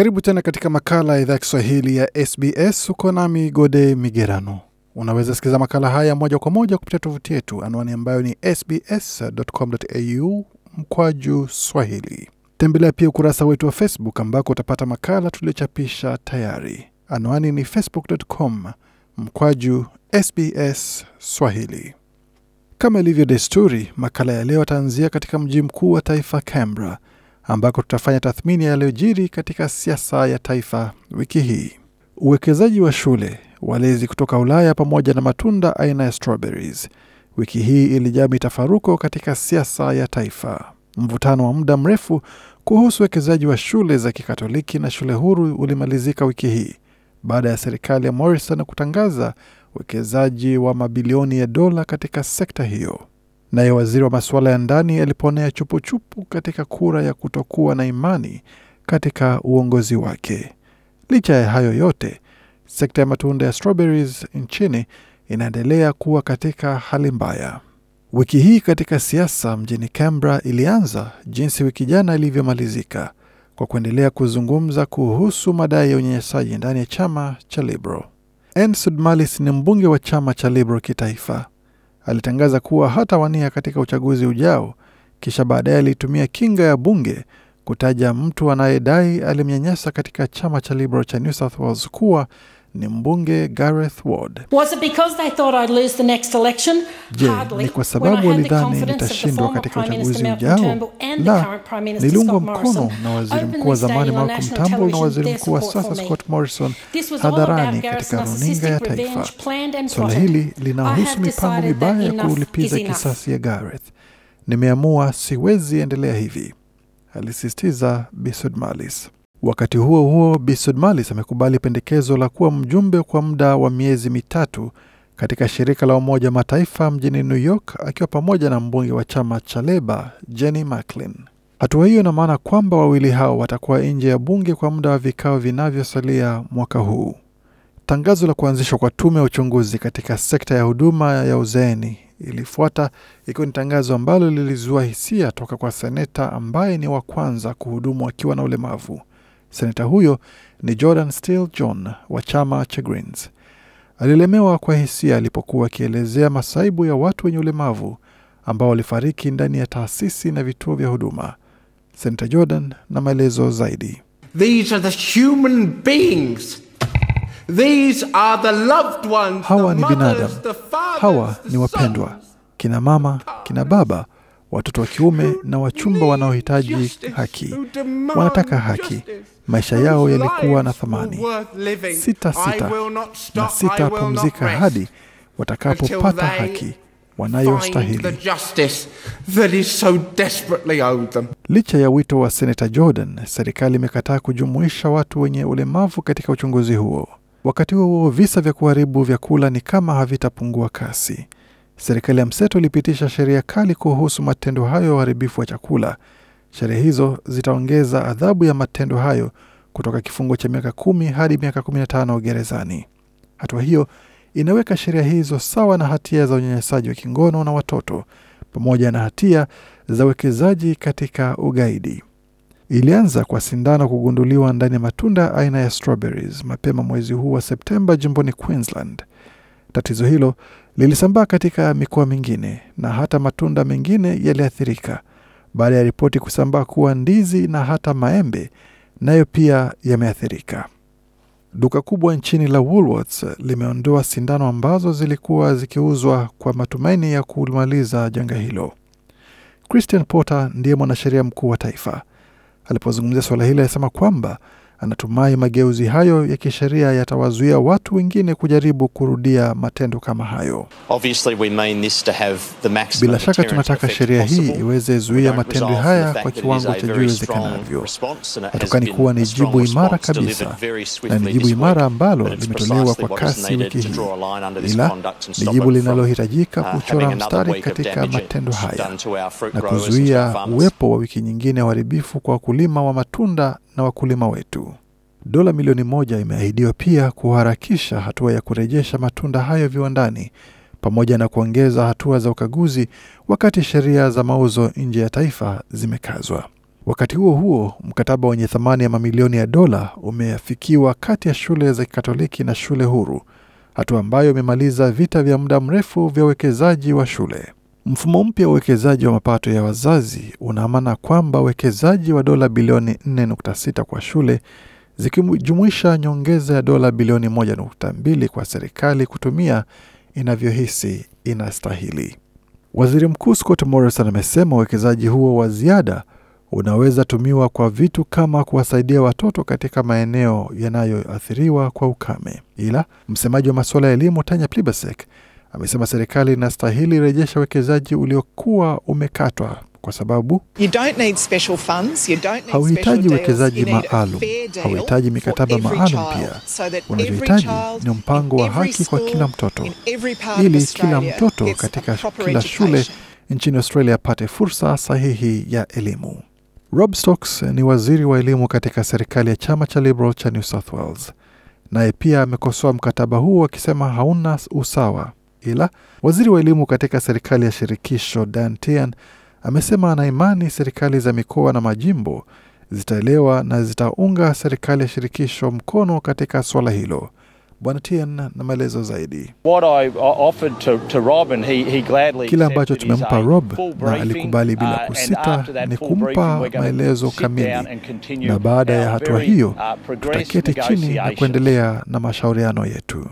Karibu tena katika makala ya idhaa ya Kiswahili ya SBS. Uko nami Gode Migerano. Unaweza sikiliza makala haya moja kwa moja kupitia tovuti yetu, anwani ambayo ni sbs.com.au mkwaju swahili. Tembelea pia ukurasa wetu wa Facebook ambako utapata makala tuliochapisha tayari. Anwani ni facebook.com mkwaju SBS Swahili. Kama ilivyo desturi, makala ya leo ataanzia katika mji mkuu wa taifa Canberra, ambako tutafanya tathmini yaliyojiri katika siasa ya taifa wiki hii. Uwekezaji wa shule, walezi kutoka Ulaya pamoja na matunda aina ya strawberries. Wiki hii ilijaa mitafaruko katika siasa ya taifa. Mvutano wa muda mrefu kuhusu uwekezaji wa shule za Kikatoliki na shule huru ulimalizika wiki hii baada ya serikali ya Morrison kutangaza uwekezaji wa mabilioni ya dola katika sekta hiyo. Naye waziri wa masuala ya ndani aliponea chupuchupu katika kura ya kutokuwa na imani katika uongozi wake. Licha ya hayo yote, sekta ya matunda ya strawberries nchini inaendelea kuwa katika hali mbaya. Wiki hii katika siasa mjini Canberra ilianza jinsi wiki jana ilivyomalizika kwa kuendelea kuzungumza kuhusu madai ya unyanyasaji ndani ya chama cha Liberal. Ann Sudmalis ni mbunge wa chama cha Liberal kitaifa alitangaza kuwa hata wania katika uchaguzi ujao, kisha baadaye alitumia kinga ya bunge kutaja mtu anayedai alimnyanyasa katika chama cha Liberal cha New South Wales kuwa ni mbunge Gareth Ward. Je, ni kwa sababu walidhani nitashindwa katika uchaguzi ujao? La, niliungwa mkono na waziri mkuu wa zamani Malcolm Turnbull na waziri mkuu wa sasa Scott Morrison hadharani katika runinga ya taifa. swala hili linahusu mipango mibaya ya kulipiza kisasi ya Gareth. Nimeamua siwezi endelea hivi, alisisitiza Bisud Malis. Wakati huo huo, bismalis amekubali pendekezo la kuwa mjumbe kwa muda wa miezi mitatu katika shirika la Umoja wa Mataifa mjini New York akiwa pamoja na mbunge wa chama cha Leba Jenny Macklin. Hatua hiyo ina maana kwamba wawili hao watakuwa nje ya bunge kwa muda wa vikao vinavyosalia mwaka huu. Tangazo la kuanzishwa kwa tume ya uchunguzi katika sekta ya huduma ya uzeeni ilifuata ikiwa ni tangazo ambalo lilizua hisia toka kwa seneta ambaye ni wa kwanza kuhudumu akiwa na ulemavu. Seneta huyo ni Jordan Steele John wa chama cha Greens. Alielemewa kwa hisia alipokuwa akielezea masaibu ya watu wenye ulemavu ambao walifariki ndani ya taasisi na vituo vya huduma. senata Jordan na maelezo zaidi. These are the human beings. These are the loved ones, hawa ni binadamu, hawa ni wapendwa, kina mama, kina baba watoto wa kiume na wachumba wanaohitaji haki, wanataka haki. Maisha yao yalikuwa na thamani. Sita sita na sita pumzika hadi watakapopata haki wanayostahili. Licha ya wito wa senata Jordan, serikali imekataa kujumuisha watu wenye ulemavu katika uchunguzi huo. Wakati huo, visa vya kuharibu vyakula ni kama havitapungua kasi. Serikali ya mseto ilipitisha sheria kali kuhusu matendo hayo ya uharibifu wa chakula. Sheria hizo zitaongeza adhabu ya matendo hayo kutoka kifungo cha miaka kumi hadi miaka tano gerezani. Hatua hiyo inaweka sheria hizo sawa na hatia za unyanyasaji wa kingono na watoto pamoja na hatia za uwekezaji katika ugaidi. Ilianza kwa sindano kugunduliwa ndani ya matunda aina ya strawberries mapema mwezi huu wa Septemba jimboni Queensland. Tatizo hilo lilisambaa katika mikoa mingine na hata matunda mengine yaliathirika baada ya ripoti kusambaa kuwa ndizi na hata maembe nayo pia yameathirika. Duka kubwa nchini la Woolworths limeondoa sindano ambazo zilikuwa zikiuzwa kwa matumaini ya kumaliza janga hilo. Christian Porter ndiye mwanasheria mkuu wa taifa. Alipozungumzia suala hilo, alisema kwamba Anatumai mageuzi hayo ya kisheria yatawazuia watu wengine kujaribu kurudia matendo kama hayo. Bila shaka tunataka sheria hii iweze zuia matendo haya kwa kiwango cha juu iwezekanavyo. Hatukani kuwa ni jibu imara kabisa, na ni jibu imara ambalo limetolewa kwa kasi wiki hii, ila ni jibu linalohitajika uh, kuchora mstari katika matendo haya na kuzuia uwepo wa wiki nyingine uharibifu kwa wakulima wa matunda na wakulima wetu. Dola milioni moja imeahidiwa pia kuharakisha hatua ya kurejesha matunda hayo viwandani pamoja na kuongeza hatua za ukaguzi wakati sheria za mauzo nje ya taifa zimekazwa. Wakati huo huo, mkataba wenye thamani ya mamilioni ya dola umeafikiwa kati ya shule za Kikatoliki na shule huru, hatua ambayo imemaliza vita vya muda mrefu vya uwekezaji wa shule. Mfumo mpya wa uwekezaji wa mapato ya wazazi una maana kwamba uwekezaji wa dola bilioni 4.6 kwa shule zikijumuisha nyongeza ya dola bilioni 1.2 kwa serikali kutumia inavyohisi inastahili. Waziri Mkuu Scott Morrison amesema uwekezaji huo wa ziada unaweza tumiwa kwa vitu kama kuwasaidia watoto katika maeneo yanayoathiriwa kwa ukame. Ila msemaji wa masuala ya elimu Tanya Plibersek amesema serikali inastahili rejesha uwekezaji uliokuwa umekatwa kwa sababu hauhitaji uwekezaji maalum, hauhitaji mikataba maalum. Pia unachohitaji ni mpango wa haki kwa kila mtoto, ili kila mtoto katika kila shule nchini Australia apate fursa sahihi ya elimu. Rob Stocks ni waziri wa elimu katika serikali ya chama cha Liberal cha New South Wales, naye pia amekosoa mkataba huo akisema hauna usawa ila waziri wa elimu katika serikali ya shirikisho Dan Tehan amesema anaimani serikali za mikoa na majimbo zitaelewa na zitaunga serikali ya shirikisho mkono katika swala hilo. Bwana Tian na maelezo zaidi. Uh, to, to Robin, he, he gladly kile ambacho tumempa Rob na alikubali bila uh, kusita uh, ni kumpa maelezo kamili, na baada ya hatua hiyo uh, tutaketi chini na kuendelea na mashauriano yetu.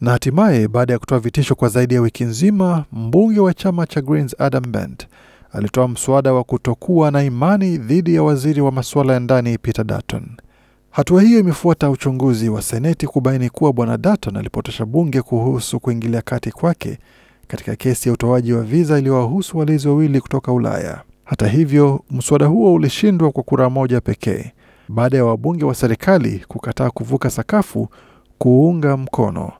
Na hatimaye baada ya kutoa vitisho kwa zaidi ya wiki nzima, mbunge wa chama cha Greens Adam Bent alitoa mswada wa kutokuwa na imani dhidi ya waziri wa masuala ya ndani Peter Dutton. Hatua hiyo imefuata uchunguzi wa seneti kubaini kuwa bwana Dutton alipotosha bunge kuhusu kuingilia kati kwake katika kesi ya utoaji wa viza iliyowahusu walezi wawili kutoka Ulaya. Hata hivyo, mswada huo ulishindwa kwa kura moja pekee baada ya wabunge wa serikali kukataa kuvuka sakafu kuunga mkono.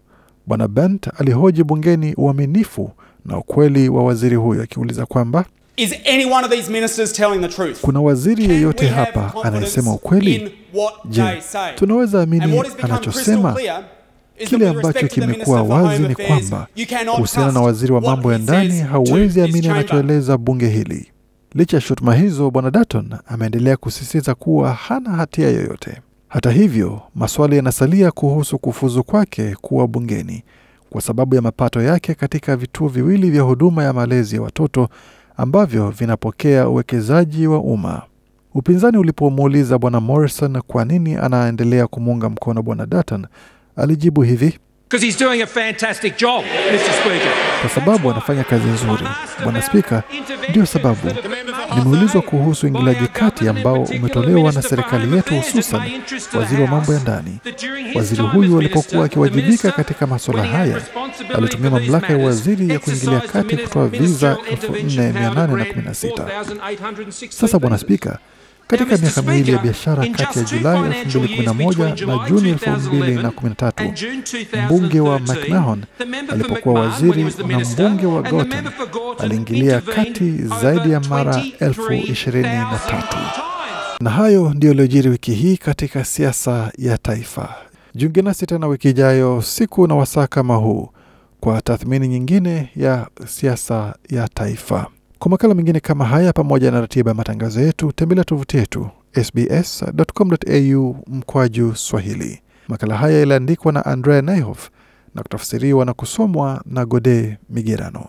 Bwana Bent alihoji bungeni uaminifu na ukweli wa waziri huyo akiuliza kwamba Is any one of these ministers telling the truth? Kuna waziri yeyote hapa anayesema ukweli? Je, tunaweza amini anachosema? Kile ambacho kimekuwa wazi ni kwamba kuhusiana na waziri wa mambo ya ndani, hauwezi amini anachoeleza bunge hili. Licha ya shutuma hizo, bwana Dutton ameendelea kusisitiza kuwa hana hatia yoyote. Hata hivyo, maswali yanasalia kuhusu kufuzu kwake kuwa bungeni kwa sababu ya mapato yake katika vituo viwili vya huduma ya malezi ya watoto ambavyo vinapokea uwekezaji wa umma. Upinzani ulipomuuliza Bwana Morrison kwa nini anaendelea kumuunga mkono Bwana Dutton, alijibu hivi: He's doing a fantastic job, Mr. Speaker. Kwa sababu anafanya kazi nzuri, Bwana Spika, ndiyo sababu Nimeulizwa kuhusu uingiliaji kati ambao umetolewa na serikali yetu, hususan waziri wa mambo ya ndani. Waziri huyu alipokuwa akiwajibika katika masuala haya, alitumia mamlaka ya waziri ya kuingilia kati kutoa viza 4816. Sasa Bwana Spika, katika miaka miwili ya biashara kati ya Julai 2011 na Juni 2013, mbunge wa McMahon alipokuwa waziri na mbunge wa Gorton aliingilia kati zaidi ya mara elfu ishirini na tatu. Na hayo ndiyo yaliyojiri wiki hii katika siasa ya taifa. Jiunge nasi tena wiki ijayo, siku na wasaa kama huu, kwa tathmini nyingine ya siasa ya taifa. Kwa makala mengine kama haya pamoja na ratiba ya matangazo yetu, tembelea tovuti yetu sbs.com.au mkwaju Swahili. Makala haya yaliandikwa na Andrea Naihof na kutafsiriwa na kusomwa na Gode Migerano.